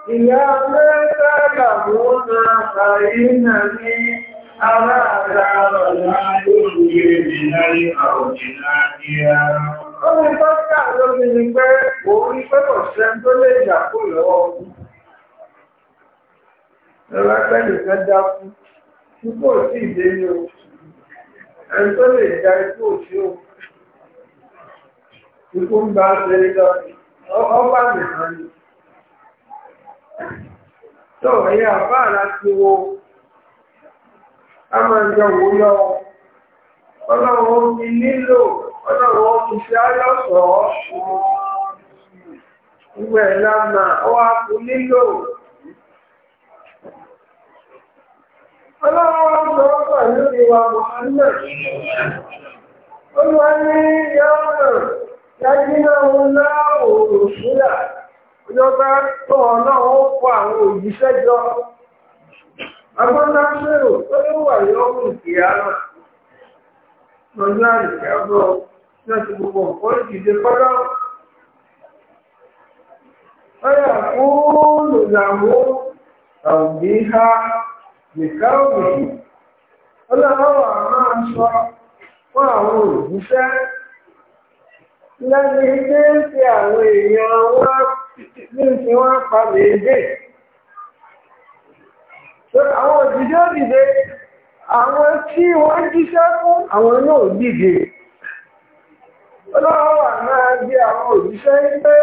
إلى ما تعلمون فإنني أراد رجالي من الأرض ناجيا Ọdún tó ká lórí ni pé orí pẹ́pọ̀ ṣe ń tó lè jà kú lọ́wọ́ ọkú. Ẹ̀rọ akẹ́lẹ̀ fẹ́ dákú, púpọ̀ sí ìdé ní o. Ẹn tó lè ja ikú òsí ni. tó ya baa lati wo a máa jẹ wò lọ ọlọ́run mi nílò ọlọ́run mi fi nílò yọ̀ọ̀nà ìjọba tó ọlọ́run ó àwọn òjíṣẹ́ jọ agbọ́dá mẹ́rò tó ló wà lọ́rùn ìkìyà náà lọ́jọ́ àìkàbọ̀ tí gbogbo ìdíje fún ha ọlọ́wọ́ sọ fún àwọn ní ti wọ́n pa méje. Àwọn òjìjẹ́ òdìdé, àwọn tí wọ́n jíṣẹ́ fún àwọn náà dìde. Ọlọ́wà máa gbé àwọn òjíṣẹ́ pé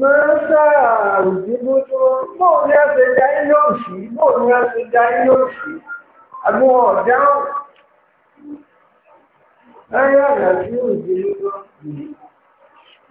máa sáà òjìbú tí wọ́n ní ẹsẹ̀ dáyé yóò sí, bóò ní ẹsẹ̀ dáyé yóò sí, àgbọn ọ̀dáhùn. Láyé àgbà tí òjìbú tí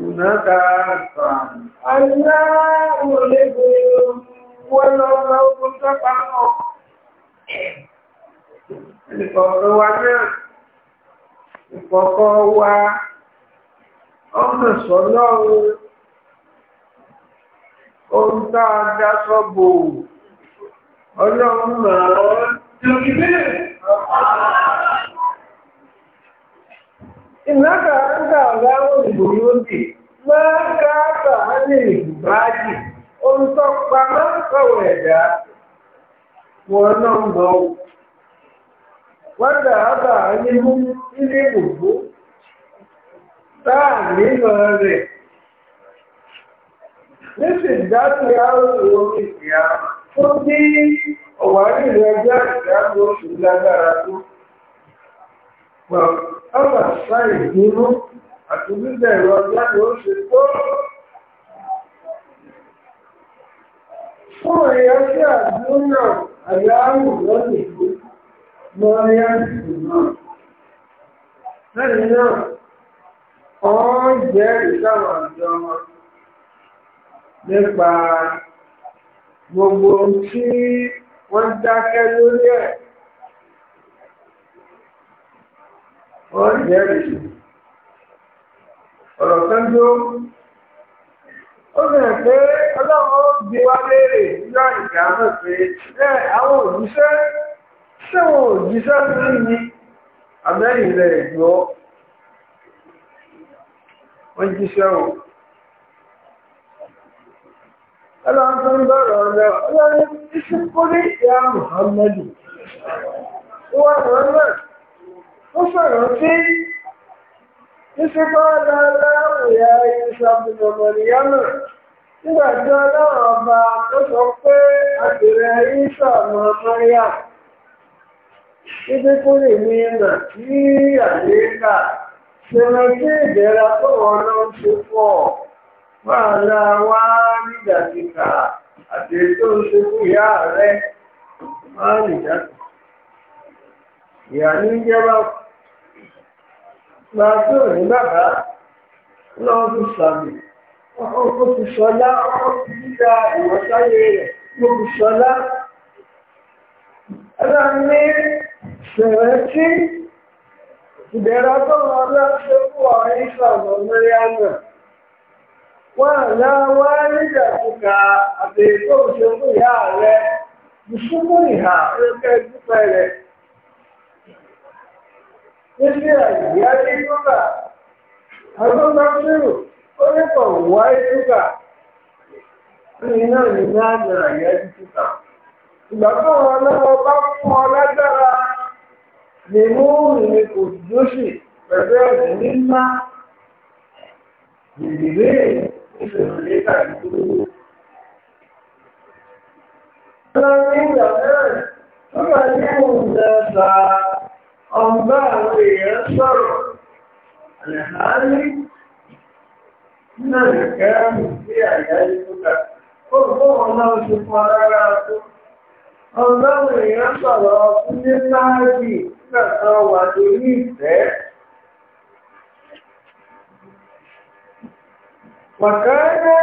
Ìnáta àfàn. Àyá òlébèrè wọ́n lọ lọ ogun sọ́pàá náà. Ìkọ̀ọ̀rọ̀ wa náà, ìkọ̀ọ̀kọ̀ wa, ọmọ sọ́lọ́run, ohun tá a dá sọ́bò, ọlọ́run màá. Ìjọ̀gbìn ìnáka ńkà ọ̀gá òyìnbó lóde máa ká sàánì ìbáàjì olùtọ́pa máa ń sọ̀rọ̀ ẹ̀dá wọn náà ń bọ̀ wọ́n dà á bà á nínú ilé gbogbo táà nínú rẹ̀ nísìnyí dájú àwọn ìwọ̀n ìyá tó bí ọba sá ìdúró àti bíbẹ̀rù ọjà ni ó ṣe tó. Fún ẹ̀yà sí àdúrà àyáwò lọ́dẹ̀ tó mọ́ ẹ̀yà sí náà. Lẹ́yìn náà, ọ̀hún jẹ́ ìsáwọn àjọ nípa gbogbo tí wọ́n dákẹ́ lórí ẹ̀. wọ́n rí ẹ̀rí sí. ọ̀rọ̀ kan tó ó bẹ̀rẹ̀ pé ọlọ́run gbé wá léèrè nígbà ìdáhùn pé ẹ àwọn òjíṣẹ́ ṣé wọn òjíṣẹ́ sí ni abẹ́yìn rẹ̀ gbọ́ wọ́n jíṣẹ́ o. ọlọ́run tó ń bọ̀rọ̀ ọ̀rọ̀ ìyá muhammadu وصلتي استفاد الله يا عيسى ابن مريم إذا جاء ربا تصفي أجر عيسى ابن wá nígbàdìkà àti tó ń ṣe fún ìyá rẹ̀. Máa ní máa tó rìn bàbá náà ti sàmì ó ti sọlá ó ti dídá ìwọ̀sáyé rẹ̀ ló ti sọlá. ìbẹ̀rẹ̀ ọgọ́rùn-ún ọlọ́sẹ̀ fún ọ̀rẹ́ ìsọ̀rọ̀ mẹ́rìánà. nílé àìyá ní ṣúgà agbọ́gbàṣírò ó ní kọ̀ wá ṣúgà ní náà ní náà ní àìyá ní ṣúgà ìgbà tó wọn lọ́wọ́ bá fún ọ lágbára lè mú ìrìn kò dúṣì pẹ̀lú ẹ̀sìn nígbà ìdílé ìṣèlú tàbí tó wù. Ọlọ́run ìgbà náà, ó máa ní òun dáadáa. ọgbà àwọn èèyàn sọ̀rọ̀ àlẹ́hàálí náà nìkẹ́ sí àyáyé púpà ó wọn náà ti fún arára tó ọgbà àwọn èèyàn sọ̀rọ̀ ọkún ní láàájì nígbàtà wà lórí ìfẹ́ wàkàrẹ́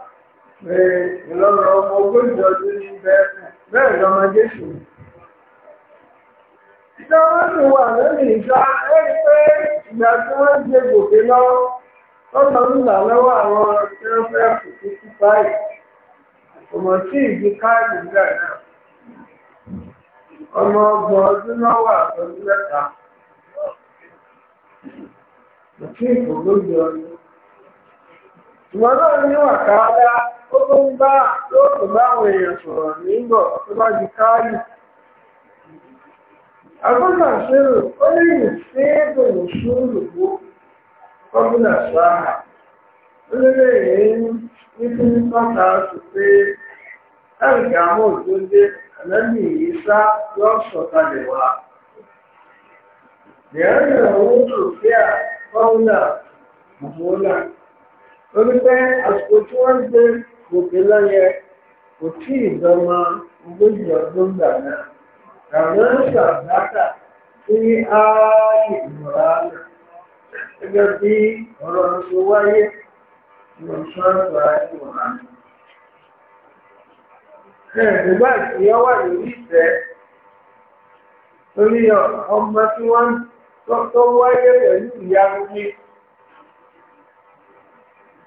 ìlọ́rọ̀ ọmọ ogójì ọdún ní bẹ́ẹ̀ lọ́mọ jésù. Ìjọ wà lórí ìjọ ẹni pé ìgbà tí wọ́n gbé gòkè lọ, lọ́wọ́ àwọn tí wọ́n fẹ́ kò kú báyìí. Ọmọ tí ìdí káàdì náà. Ọmọ ọgbọ̀n ọdún náà wà mẹ́ta. ọdún. Ìwọ náà ní ó mba, ń bá yóò tó bá àwọn èèyàn sọ̀rọ̀ nígbọ̀ tó bá di káàlì. Àgbọ́nà ṣírò ó lè yìn sí ègbòrò sáà. Ó lè lè yìn ní fún pátá sí pé ẹ̀rìkì àwọn òjòjé ẹ̀lẹ́bì yìí sá yóò wá. àwọn òkè lọ́yẹ kò tí ì dọ́mọ ogójì ọdún gbà náà àmọ́ sàdákà sí ááyì ìmọ̀láàlà gẹ́gẹ́ bí ọ̀rọ̀ wáyé ìmọ̀sánfà ìmọ̀láàlà. Nígbà tí ó wà lórí ìfẹ́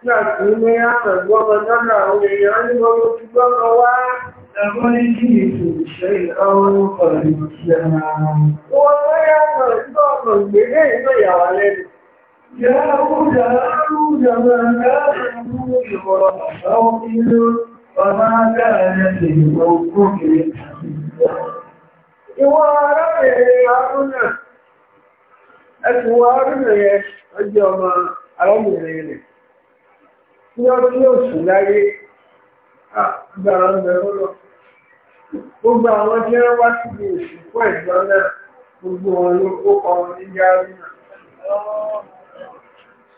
nígbà ní àmàgbọ́mọ ọmọ ìgbélé àwọn ìlú ọmọ agbára ìwọ̀ òkúrò. Ìwọ̀ arábìnrin Arúnà, ẹ̀kùn ọjọ́ ọmọ arábìnrin rẹ̀ tí tí ó sì láyé àgbàrá ń bẹ̀rẹ̀ lọ. Gbogbo àwọn tí wá sí ibi ìsìnkú ẹ̀gbọ́n náà gbogbo wọn ló kó pa ní yáàrí náà.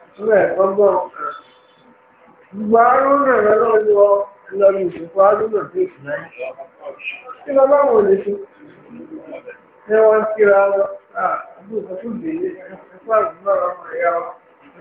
Ìtúrẹ̀ ọgbọ́n kan. Gbogbo arúnà rẹ̀ náà ni wọ́n lọ ní ìsìnkú arúnà tó sì láyé. Kí lọ bá wọn lè ṣe? Ṣé wọ́n kíra wọn? Àbúrò kan tó dé ilé ẹ̀fọ́ àgbọ̀n ọmọ ìyá wọn.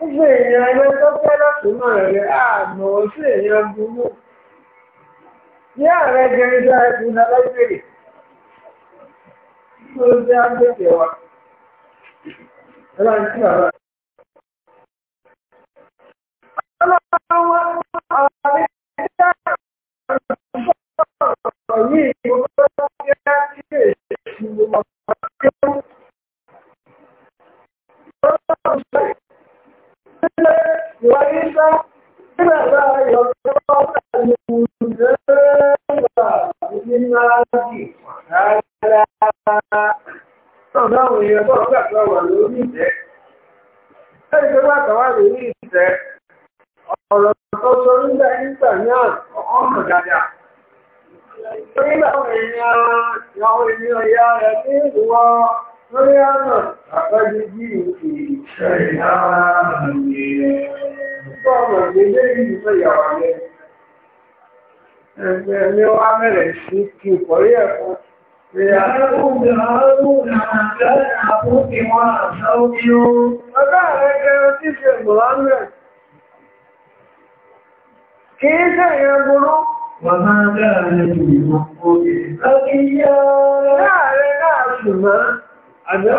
gbogbo èèyàn ẹni tó fẹ́ láti mọ̀ rẹ̀ àmọ́ sí èèyàn burú ní ààrẹ gẹ̀ẹ́dá ẹkùn alágbèrè tó jẹ́ agbègbè wa ẹlá ń dáhùn yẹn tó ọgbà tó wà lórí ìtẹ́. ẹni tó bá kà wá lórí ìtẹ́ ọ̀rọ̀ tó sọ nígbà nígbà náà ọ̀hún dáadáa. torí àwọn èèyàn àwọn mi Ìyàrẹ́kùnrin àárùn-ún àjẹ́ àpótíwọ́n àṣà omi oó. Ọgá rẹ̀ kẹrẹ tí ṣe gbọ́lánrẹ̀. Kìí ṣe ìyẹn burú. Wà máa dára ní ìwọ̀n orí. Ọkìyà láàrẹ náà ṣùgbọ́n, àjọ́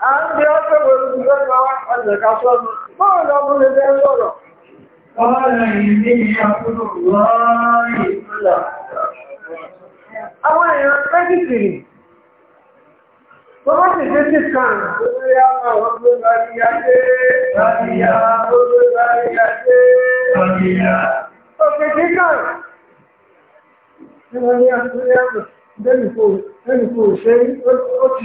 À ń bí ọ́pẹ̀wò ìgbẹ́gbẹ́ wá ọ̀lẹ̀ká sọ́nù. Bọ́ọ̀ lọ mú lè bẹ́ sọ̀rọ̀. Àwọn èèyàn pẹ́kìtìrì, tó bá ti dé sí kan, tó lórí àwọn ọmọ láti yáté, láti yá, tó lórí láti yáté, láti yá. Òkè sí kan, ní wọ́n ní àtúnyàmù, dẹ́nìkò ṣe ó ti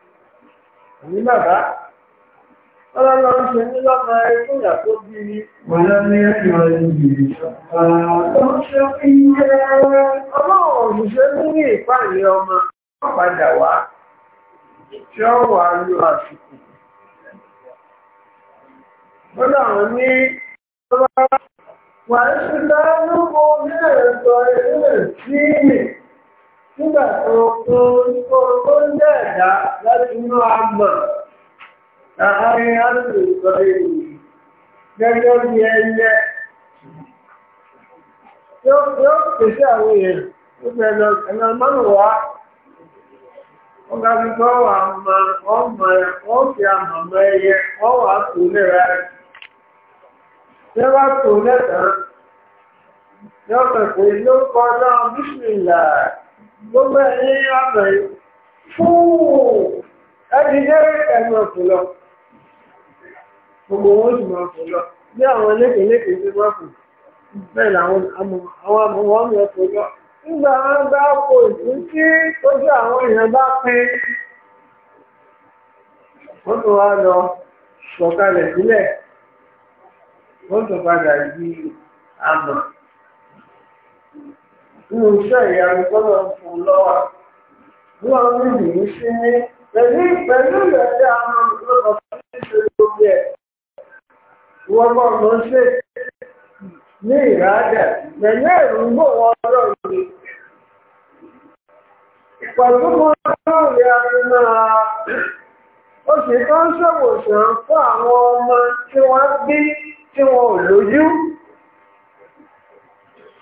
ní bàbá ọlọ́lọ́ ṣe ní lọ́mọ ẹgbẹ́ tó bí i wọ́lá ní ẹ̀yọ́ ìgbìyànjú ọlọ́run òṣìṣẹ́ ní ìpàlẹ̀ ọmọ padà wá tí ó wà lọ àsìkò gbọ́dọ̀ wà ń ṣe lọ́rùn nígbà tó tó ń jẹ́ ẹ̀dá láti inú àmà láàárín àrùn sọ èrò gẹ́gẹ́ bí ẹyẹ yóò pèsè àwọn èèyàn ó bẹ̀rẹ̀ ẹ̀nà ga fi ọmọ ọ̀fẹ́ àmàmọ́ ẹyẹ wọ́n tó tó yóò náà gbogbo ẹ̀yìn àmà yìí fúù ẹbí dé ẹ̀mọ̀ fún gbogbo wọn sì máa bí àwọn lékèélékèé ti máa fún bẹ́ẹ̀ àwọn àmọ̀wọ́ mi nígbà wọn bá kó ìtú tí ojú àwọn èèyàn bá pín wọ́n tún wá lọ sọ̀kalẹ̀ sílẹ̀ wọ́n tún padà di àmọ̀ nínú iṣẹ́ ìyanu gbọ́dọ̀ fún lọ́wọ́ bí wọ́n ní ìlú ní pẹ̀lú pẹ̀lú ìrẹ̀lẹ̀ àwọn olùkọ́ tó lórí ẹ̀ wọ́n bọ̀ ló ṣe ní ìrádẹ̀ pẹ̀lú èròǹgbò wọn ọlọ́run ni. pẹ̀lú wọn lóòrè arinà ó sì kán ṣèwòsàn fún àwọn ọmọ tí wọ́n bí tí wọn ò lójú.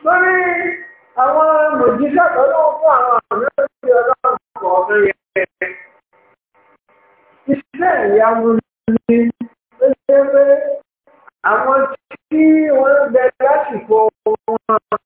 lórí àwọn mòjíṣẹ́ ọlọ́run fún àwọn àmì ọlọ́run ọ̀gbọ̀n Iṣẹ́ ìyanu ni ó àwọn tí wọ́n ń bẹ lásìkò wọn.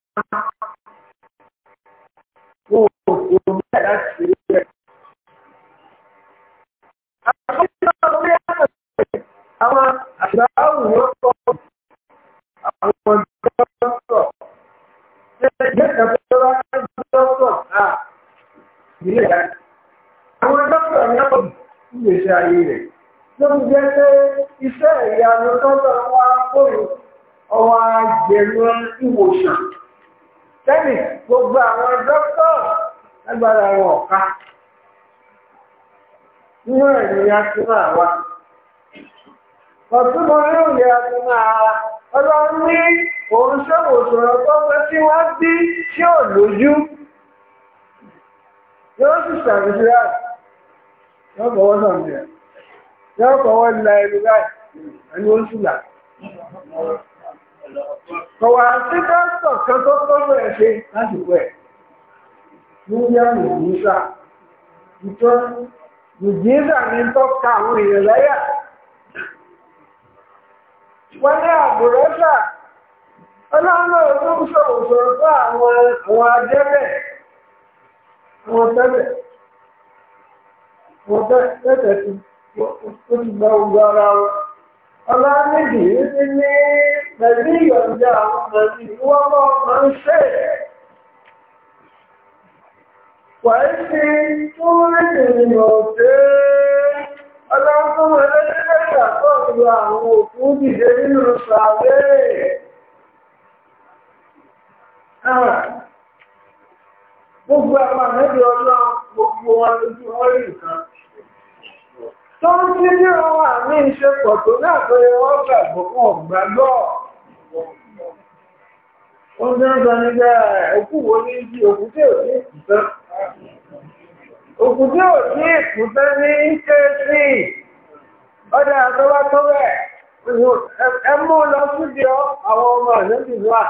àwọn èèyàn láyà wọ́n ní àbúrọ́sà ọlọ́run ọlọ́run tó wọ ẹlẹ́gbẹ́ ìgbàgbọ́ ìlú àwọn òkú dìde nínú sàárè. Gbogbo àwọn àmẹ́bí gbogbo wọn lójú wọn nǹkan. Tó ń tí ní àwọn àmì náà tó yẹ wọ́n gbàgbọ́ wọn gbàgbọ́. ń ní ibi òkú Òkú tí ò sí ìkùnfẹ́ ní ṣe sí àtọwà tó rẹ̀. Ẹ lọ fúdí ọ àwọn ọmọ ìlẹ́bì wà.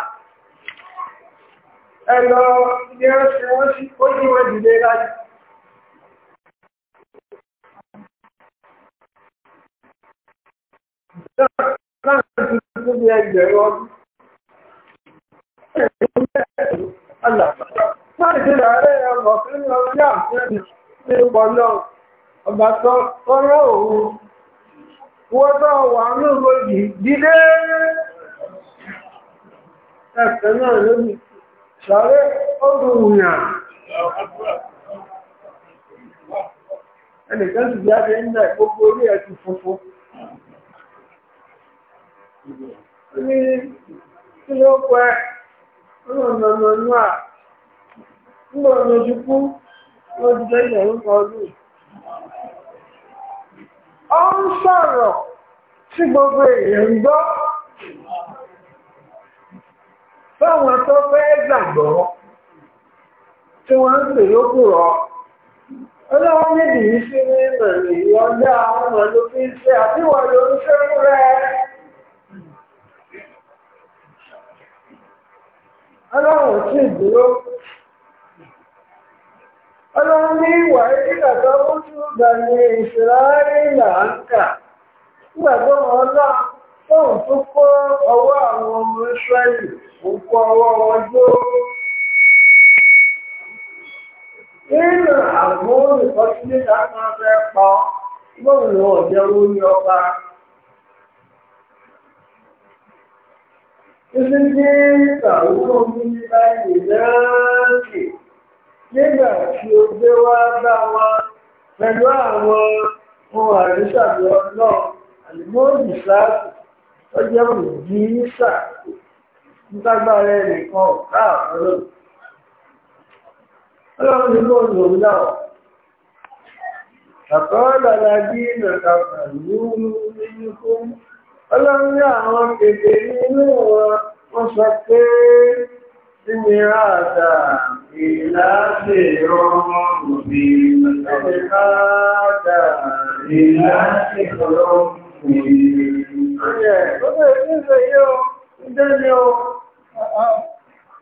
Ẹ lọ ní ọ̀sẹ̀ wọ́n sí ó yí wọ́n dìde láti. Láàrín ìgbẹ̀rún ọdún. Máa ṣe rẹ̀ ọmọ fún ọmọ náà fún òun. náà ń gbogbo orí ẹ̀ ti funfun. Ní nígbà òyìnjú kú ló ti jẹ́ ìyẹ̀rú ọdún. Ó ń sọ̀rọ̀ gbogbo èèyàn ń gbọ́. Báwọn tó fẹ́ gbàgbọ́ tí wọ́n ń pè lókù rọ. Ọlọ́wọ́ níbi sí ọlọ́run ní ìwà ìdíkà tó kún tí ó gbà ní ìṣẹ́láìlà ń kà nígbàgbọ́ wọn náà tóun tó kọ́ ọwọ́ àwọn ọmọ ìṣẹ́lì òkú ọwọ́ wọn jó nínú àwọn olùkọ́sílẹ̀ láti máa nígbà tí ó gbé wá bá wọn pẹ̀lú àwọn ohun àríṣàbí ọlọ́run àlùmọ́ọ̀dì sáàtì tó jẹ́ òjì ìsà nígbàgbára ẹnìkan káàkiri ọlọ́run ní kó lò ń dáwọ̀ àkọọ́lọ̀ bí nínú fún ọlọ́run ní àwọn nínú wọn wọ́n sọ pé Ìmìíràdà ìlàṣẹ ọmọ òbí ìmìíràdà ìlàṣẹ ọlọ́run òbí. Ọjẹ́ ìgbọ́nà ìgbẹ́sẹ̀ yóò ìdẹ́ni ọ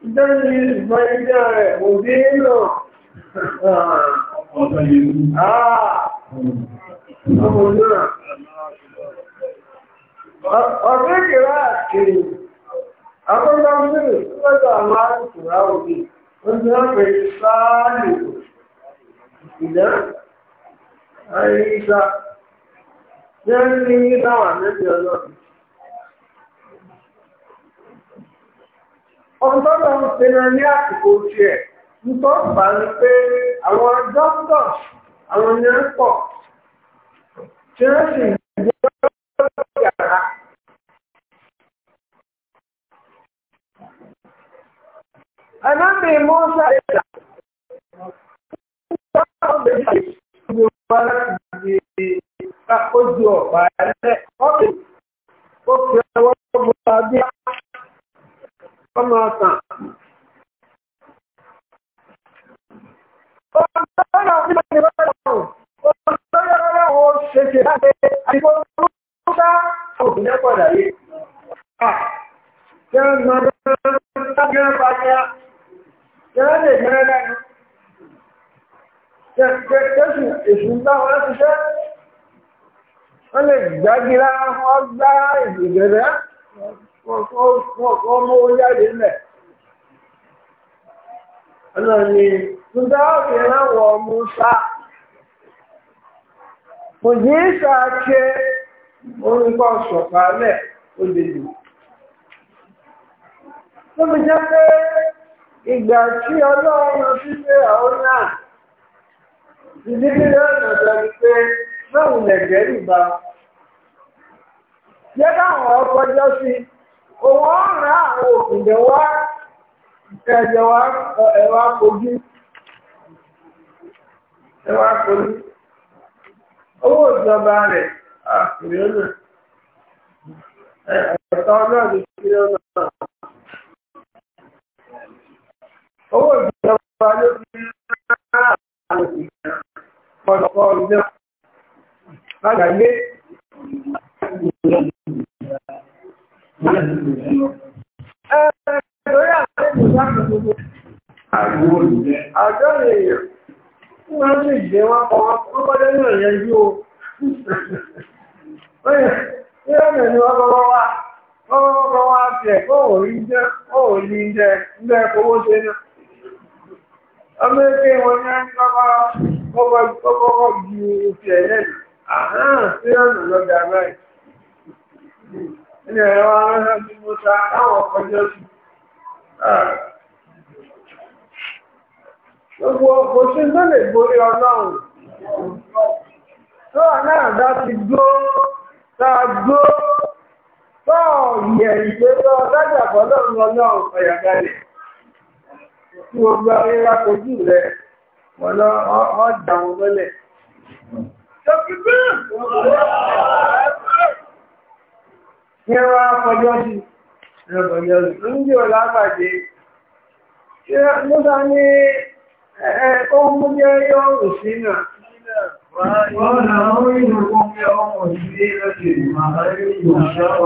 ìdẹ́ni ìgbọ́n ìdẹ́ rẹ̀ òbí lọ. Ọ̀pọ̀ ìlú. Àà, ọmọ ah. náà. Ọ̀rẹ́ kìí akwai lambiri suna da mara turawa ne wanda ya kai tsari idan an yi ta yanzu yi ta wane biyar lọ́dún ọ̀tọ́tọ̀ ń pinnu ní àsìkò tiẹ̀ ni pé àwọn pọ̀ tí wọ́n sì Ànábì Mọ́sá ẹ̀dá. Ojú ọ̀pá ẹ̀lẹ́ ọ̀pẹ. Ó fi ọwọ́ bọ́ abí ọmọ ọ̀sán. Ọ̀pọ̀lọpọ̀ ọ̀pẹ ni wọ́n lọ. Ọ̀pọ̀lọpọ̀ ọ̀pẹ ṣẹṣẹ láti àdìgbò Mọ́sá òbí lẹ́pọ̀ dàrí. Ṣé ń gbọ́dọ̀? yẹ́rẹ́ lè yẹ́rẹ́ lẹ́nu jẹ́sù èṣù bá wọn ṣiṣẹ́ wọ́n lè gbági lára wọn gbá ìgbẹ̀rẹ̀ wọn mú jáde lẹ̀ ọ̀nà ni nígbà pé ìgbà tí ọlọ́run fífẹ́ àwọn náà ìdílé ọ̀nà pé náà lẹ̀gẹ́ rìbá jẹ́ káwọn ọkọjọ́ sí òun ọ̀ràn àwọn òkùnjẹ wá kẹjọ ẹwà kojú ẹwà kojú owó ìjọba rẹ̀ àkùnrin náà ẹ̀ẹ̀kọ́ náà fi ọ̀nà. owó ìjọba ló fi rán àwọn ìgbà ọ̀dọ̀kọ̀ ọmọ ẹgbẹ́ wọn ní kọ́kọ́ ju oṣù ẹ̀ lẹ́nu àhán sí ọ̀nà lọ́dà báyìí. ilẹ̀ ẹ̀rọ aránsá ti mú ta táwọn kọjọ́ sí. gbogbo ọkọ̀ sí tó lè borí ọlọ́run. tọ́ọ̀ náà dá ti gbó tá a gbó lájà tí wọ́n bá rí rákojú rẹ̀ wọ́n lọ ọjà wọn mọ́lẹ̀. Ní wá kọjọ́ sí, ẹ̀rọ̀bọ̀jọ́ sí, ń jẹ́ ọ̀lá àgbàdé. Mọ́ta ní ohun mú jẹ́ yọ́rùn sí náà. Wọ́n náà ó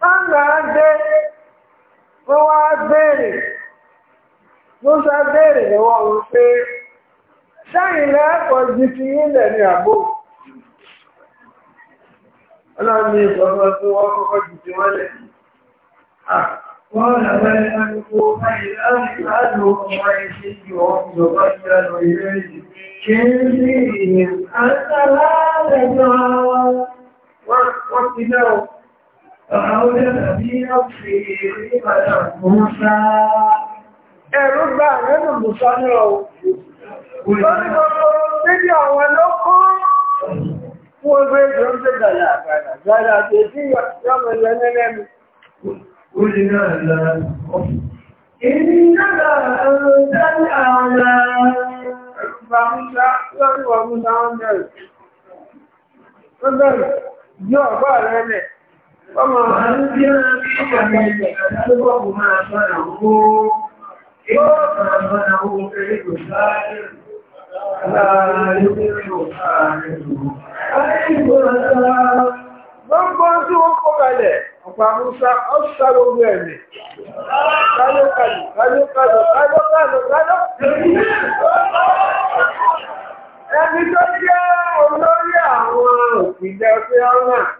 táǹgà wọ́n wá béèrè Musa béèrè lọ́wọ́ wọn pé sẹ́yìn lẹ́ẹ̀kọ́ ju ti ilẹ̀ ní àbò ọlọ́run ní tó wọ́n kọ́kọ́ ju ti wọ́n lẹ̀. Wọ́n làbẹ́ ẹgbẹ́ báyìí láti láàrùn ọmọ ẹgbẹ́ jù ọ́ ìjọba tí a lọ ilé yìí. Kí ń sí ìyẹn? Àtàlá عودة في نفسي قيمة موسى ẹ̀rù gba àrẹ́nù Mùsá ní ọ̀wọ̀. Lórí gbogbo níbi àwọn lọ́kọ́ fún ọgbẹ́ ìjọm tẹ́ dàlá àgbàdà, gbàdà àti èsì yọmọ ilẹ̀ nílẹ́nu. Ó lè náà lára. Èmi náà dárí ààrẹ ẹ̀rù gba Mùsá lórí wọ̀mú náà bẹ̀rẹ̀. Ó bẹ̀rẹ̀ yóò bá rẹ̀ lẹ̀. Ọmọ àwọn tí ó rán Ẹni tó jẹ́ olórí àwọn fẹ́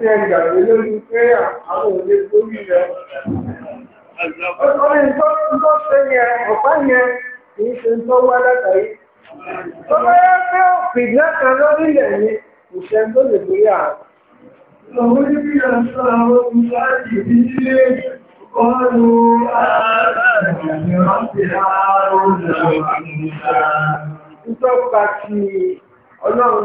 ní ẹgbàgbé lórí ṣe yẹn, ọ̀pá yẹn kìí ṣe ń tó wá látàrí. Tó bá yẹ pé òfin lẹ́kan lórílẹ̀ ni ìṣẹ́ tó lè gbé yà. Àwọn oníbí àṣà àwọn ìṣáàjì bí ilé Ọlọ́run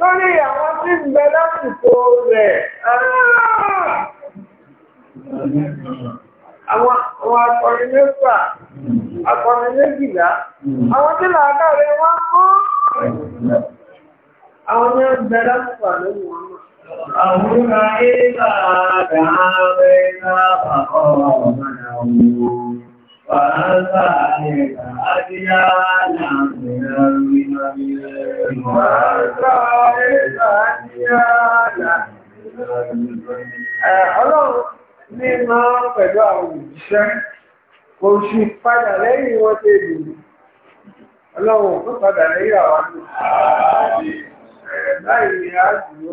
lórí àwọn tí ń bẹ lásìkò rẹ̀ àwọn akọrin mẹ́fà akọrin méjìlá àwọn tí làákà rẹ̀ wọ́n mọ́ àwọn ní ń bẹ lásìkò lórí wọn náà Àwọn ará ìgbà àgbà àwẹ́ ìgbà àpapọ̀ ọmọ náà wọ́n. فذلك أدنى من المنزل فذلك أدنى من المنزل ní máa pẹ̀lú àwọn òjíṣẹ́ oṣù padà lẹ́yìn wọ́n tẹ́ ìlú ọlọ́wọ̀n tó padà lẹ́yìn àwọn